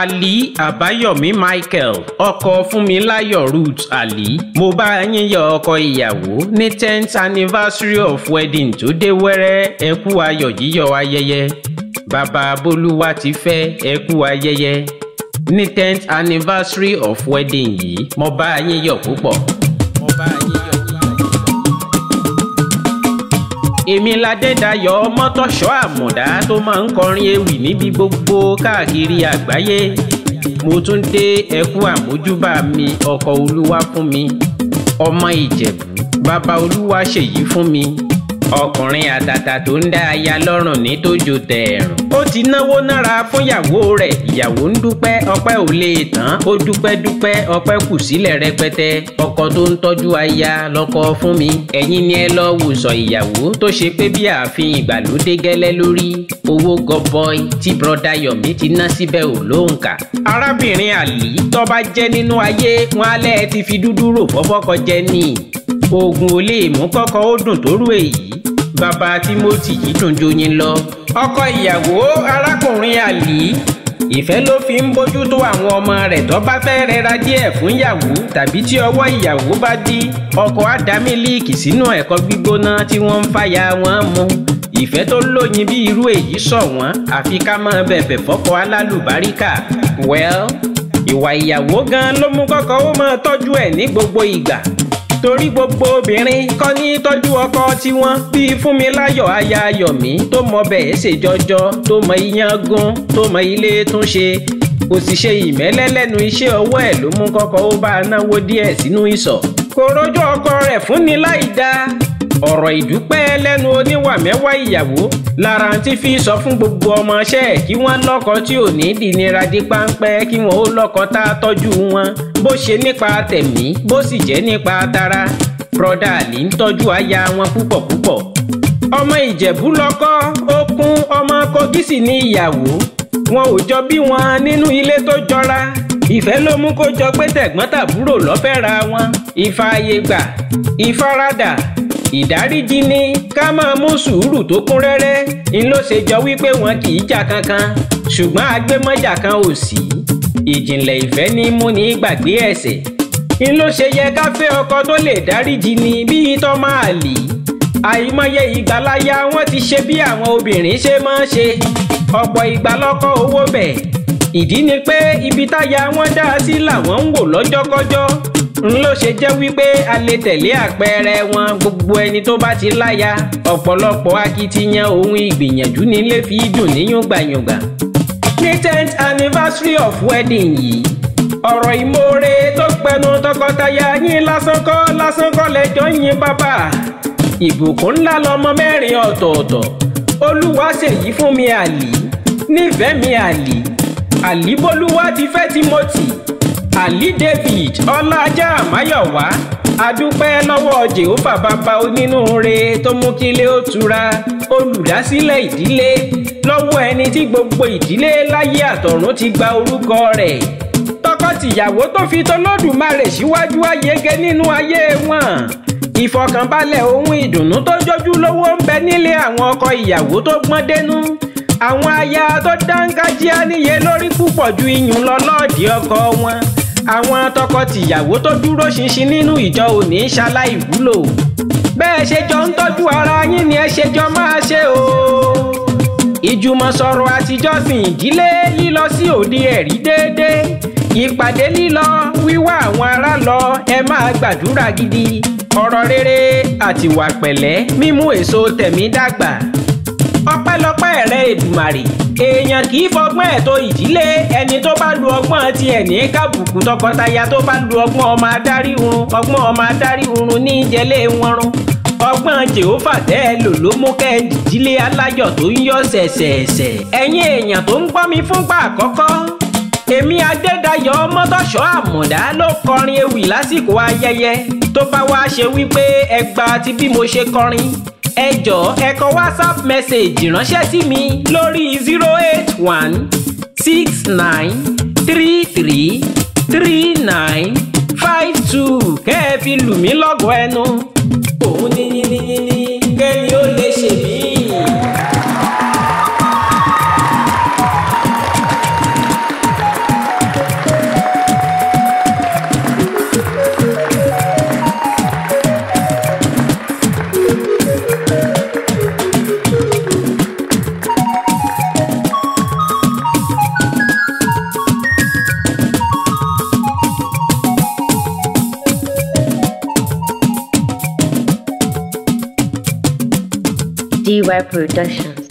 ali àbáyọ̀mí michael ọkọ fúnmiláyọ̀ ruth ali mo bá yín yọ̀ ọkọ ìyàwó ní tenth anniversary of wedding tó dé wẹ́rẹ́ ẹ kú ayọ̀ yíyọ̀ ayẹyẹ bàbá bolúwa ti fẹ́ ẹ kú ayẹyẹ ní tenth anniversary of wedding yìí mo bá yín yọ̀ púpọ̀ mo bá yín yọ̀. èmi ládédayọ̀ ọmọtọ́ṣọ́ àmọ̀dá tó máa ń kọrin ewì níbi gbogbo káàkiri àgbáyé mo tún dé ẹkú àmójúbà mi ọkọ olúwa fún mi ọmọ ìjẹ̀bú bàbá olúwa ṣèyí fún mi ọkùnrin àtàtà tó ń dá aya lọ́rùn ní tójú tẹ̀ẹ̀rùn. ó ti náwó nára fúnyàwó rẹ̀ ìyàwó ń dúpẹ́ ọpẹ́ ò lè tán ó dúpẹ́ dúpẹ́ ọpẹ́ kù sílẹ̀ rẹpẹtẹ ọkọ tó ń tọ́jú aya lọ́kọ fún mi. ẹ̀yin ni ẹ lọ wùsọ̀ ìyàwó tó ṣe pé bí ààfin ìgbàlódé gẹ́lẹ́ lórí owó gọbọi tí broda Yomi ti ná síbẹ̀ ò lóǹkà. arábìnrin àlì tó bá jẹ́ nínú ayé wọn alẹ́ ti fi dúdú rò fọ́fọ́kọ jẹ oògùn ò lè mú kọ́kọ́ ó dùn tó èyí bàbá timothy yìí dùn joyin lọ. ọkọ ìyàwó arákùnrin àlì ìfẹ́ ló fi ń bójú tó àwọn ọmọ rẹ̀ tó bá fẹ́ rẹra díẹ̀ fún ìyàwó tàbí tí ọwọ́ ìyàwó bá dí ọkọ á sínú ẹ̀kọ́ gbígbóná tí wọ́n ń fàyà wọn mu ìfẹ́ tó lóyin bí irú èyí ṣọ̀wọ́n àfi ká máa bẹ̀bẹ̀ fọ́kọ alálùbáríkà well ìwà ìyàwó gan ló mú kọ́kọ́ ó máa tọ́jú ẹ̀ ní gbogbo ìgbà torí gbogbo obìnrin kọ́ ní tọ́jú ọkọ tiwọn bíi Fúnmiláyọ̀ aya Yọ̀mí tó mọ bẹ́ẹ̀ ṣe jọjọ tó mọ iyán gún tó mọ ilé túnṣe kò sì ṣe ìmẹ́lẹ́ lẹ́nu iṣẹ́ ọwọ́ ẹ̀ ló mú kọ́kọ́ ó bá náwó díẹ̀ sínú ìsọ̀ kò rọ́jò ọkọ rẹ̀ fún ni láì dáa ọ̀rọ̀ ìdúpẹ́ lẹ́nu oníwà mẹ́wàá ìyàwó lára ti fi sọ fún gbogbo ọmọọṣẹ́ kí wọ́n lọ́kọ tí ò ní dìnira dé páńpẹ́ kí wọ́n ó lọ́kọ tá a tọ́jú wọn bó ṣe nípa tẹ̀mí bó sì jẹ́ nípa tara broda Ali ń tọ́jú aya wọn púpọ̀ púpọ̀ ọmọ Ìjẹ̀bú lọ́kọ ó kún ọmọ Kogi sì ní ìyàwó wọn ò jọ bí wọn nínú ilé tó jọra ìfẹ́ ló mú kó jọ pé tẹ̀gbọ́n tàbúrò lọ́fẹ́ ra wọn ìfààyè gbà ìfaradà ìdáríjì ni ká máa mú sùúrù tó kún rẹ́rẹ́ ń ló ṣe jọ wípé wọn kì í jà kankan ṣùgbọ́n agbémọ́jà kan ò sí ìjìnlẹ̀ ìfẹ́ ní mú ní gbàgbé ẹ̀ṣẹ̀ ń ló ṣe yẹ ká fẹ́ ọkọ tó lè dáríjì ni bíi tọ́ máa lì í àìmọye ìgbàláyà wọn ti ṣe bí àwọn obìnrin ṣe máa ń ṣe ọ̀pọ̀ ìgbàlọ́kọ owó bẹ̀ ìdí ni pé ibi táyà wọn dá sí làwọn ń wò lọ́jọ́kọ́jọ́ ló ṣe jẹ́ wípé a lè tẹ̀lé àpẹẹrẹ wọn gbogbo ẹni tó bá ti láya ọ̀pọ̀lọpọ̀ akitiyan ohun ìgbìyànjú nílé fi dùn níyàn gbàyàngbà. ní tenth anniversary of wedding yìí ọ̀rọ̀ ìmoore tó pẹnu tọkọtaya yín lásán kọ́ lásán kọ́ lẹ́jọ́ yín bàbá ìbùkún ńlá lọmọ mẹ́rin ọ̀tọ̀ọ̀tọ̀ olúwa ṣèyí fún mi àlì nífẹ̀ẹ́ mi àlì àlìbólúwa ti fẹ́ timothy ali david ọlájà àmáyọ̀wá adúpẹ́ lọ́wọ́ jehova bàbá onínúure tó mú kí ilé ó tura olùdásílẹ̀ ìdílé lọ́wọ́ ẹni tí gbogbo ìdílé láyé àtọ̀run ti gba orúkọ rẹ̀ tọkọ-tìyàwó tó fi tọlọ́dùmarè síwájú ayége nínú ayé wọn ìfọ̀kànbalẹ̀ ohun ìdùnnú tó jọjú lówó ń bẹ nílé àwọn ọkọ ìyàwó tó gbọ́n dénú àwọn aya tó dángájíá níye lórí púpọ̀ ju iyùn lọ lọ́ọ̀dì ọkọ wọn àwọn tọkọ-tìyàwó tó dúró ṣinṣin nínú ìjọ ò ní ṣaláì wúlò bẹ́ẹ̀ ṣe jọ ń tọ́jú ara yín ni ẹ ṣe jọ máa ṣe o. ìjùmọ̀sọ̀rọ̀ àtijọ́sìn ìdílé lílọ sí òde ẹ̀rí déédéé ìpàdé lílọ wíwá àwọn ará lọ ẹ máa gbàdúrà gidi ọ̀rọ̀ rere àtiwà pẹ̀lẹ́ mímú èso tẹ̀mí dàgbà ọpẹ́lọpẹ́ rẹ Èdùmàrè èèyàn kì í fọgbọ́n ẹ̀ tó ìdílé ẹni tó bá lu ọgbọ́n tiẹ̀ ní kábùkù tọkọtaya tó bá lu ọgbọ́n ọmọ adarí oorun ọgbọ́n ọmọ adarí oorun ní ìjẹlé wọn run ọgbọ́n jehova tẹ́ ẹ lò ló mú kẹ́ ẹ dìdílé alájọ tó ń yọ ṣẹ̀ṣẹ̀ṣẹ̀ ẹ̀yin èèyàn tó ń gbọ́ mi fúngbà àkọ́kọ́ èmi adédayọ̀ ọmọdọ́ṣọ́ àmọ̀dá ló kọrin ewì lásìkò ayẹyẹ tó bá wá ṣe wípé ẹgbàá ti bí mo ṣe kọrin ẹ jọ̀ọ́ ẹ kọ whatsapp message ránṣẹ́ sí mi lórí zero eight one six nine three three three nine five two kẹ́ ẹ fi lù mí lọ́gọ̀ọ́ ẹnu. òun ní yínníyínní kẹ́ni ó lè ṣèbí. Productions.